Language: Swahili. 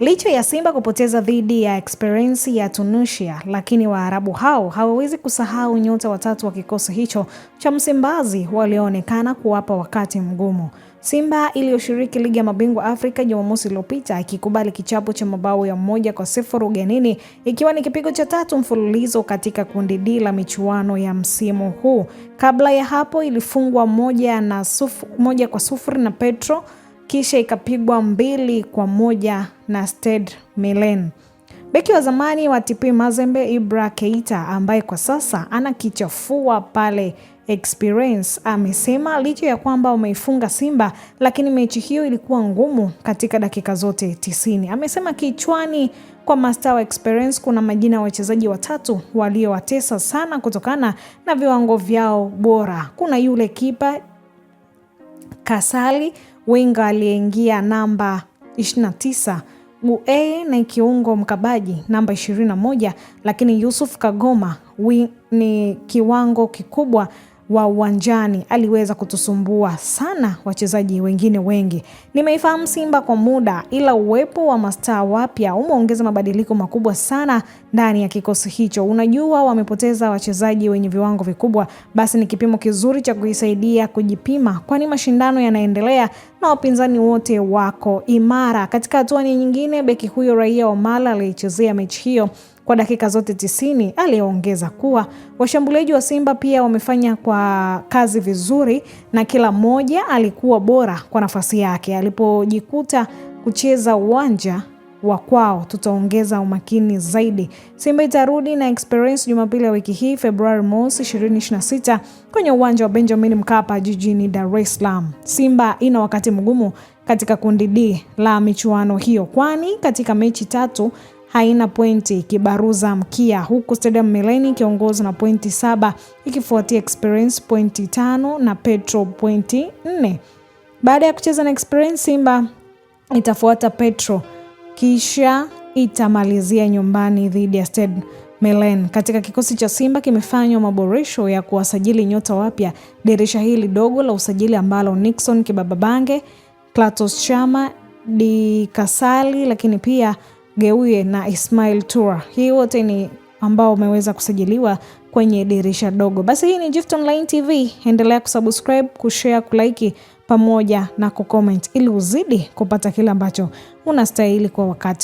Licha ya Simba kupoteza dhidi ya Esperance ya Tunisia, lakini Waarabu hao hawawezi kusahau nyota watatu wa kikosi hicho cha Msimbazi walioonekana kuwapa wakati mgumu. Simba iliyoshiriki ligi ya mabingwa Afrika Jumamosi iliyopita ikikubali kichapo cha mabao ya moja kwa sifuri ugenini ikiwa ni kipigo cha tatu mfululizo katika kundi D la michuano ya msimu huu. Kabla ya hapo ilifungwa moja, na moja kwa sufuri na Petro kisha ikapigwa mbili kwa moja na Stade Milan. Beki wa zamani wa TP Mazembe Ibra Keita ambaye kwa sasa anakichafua pale Experience amesema licha ya kwamba wameifunga Simba, lakini mechi hiyo ilikuwa ngumu katika dakika zote tisini. Amesema kichwani kwa mastaa wa Experience kuna majina ya wachezaji watatu waliowatesa sana kutokana na viwango vyao bora. Kuna yule kipa Kasali winga aliyeingia namba 29 guee ni kiungo mkabaji namba 21, lakini Yusuf Kagoma ni kiwango kikubwa wa uwanjani aliweza kutusumbua sana wachezaji wengine wengi. Nimeifahamu Simba kwa muda, ila uwepo wa mastaa wapya umeongeza mabadiliko makubwa sana ndani ya kikosi hicho. Unajua, wamepoteza wachezaji wenye viwango vikubwa, basi ni kipimo kizuri cha kuisaidia kujipima, kwani mashindano yanaendelea na wapinzani wote wako imara. Katika hatua nyingine, beki huyo raia wa Mali aliyechezea mechi hiyo kwa dakika zote tisini, aliongeza kuwa washambuliaji wa Simba pia wamefanya kwa kazi vizuri na kila mmoja alikuwa bora kwa nafasi yake. Alipojikuta kucheza uwanja wa kwao, tutaongeza umakini zaidi. Simba itarudi na experience Jumapili ya wiki hii Februari mosi 2026 kwenye uwanja wa Benjamin Mkapa jijini Dar es Salaam. Simba ina wakati mgumu katika kundi D la michuano hiyo, kwani katika mechi tatu haina pointi ikibaruza mkia, huku Stadium Mileni ikiongozwa na pointi saba ikifuatia Experience pointi tano na Petro pointi nne. Baada ya kucheza na Experience, Simba itafuata Petro kisha itamalizia nyumbani dhidi ya sted melen Katika kikosi cha Simba kimefanywa maboresho ya kuwasajili nyota wapya dirisha hili dogo la usajili ambalo Nixon Kibababange, clatos Chama, Di Kasali lakini pia Geuye na Ismail Tura. Hii wote ni ambao umeweza kusajiliwa kwenye dirisha dogo. Basi hii ni Gift Online TV, endelea kusubscribe, kushare, kulaiki pamoja na kucomment ili uzidi kupata kile ambacho unastahili kwa wakati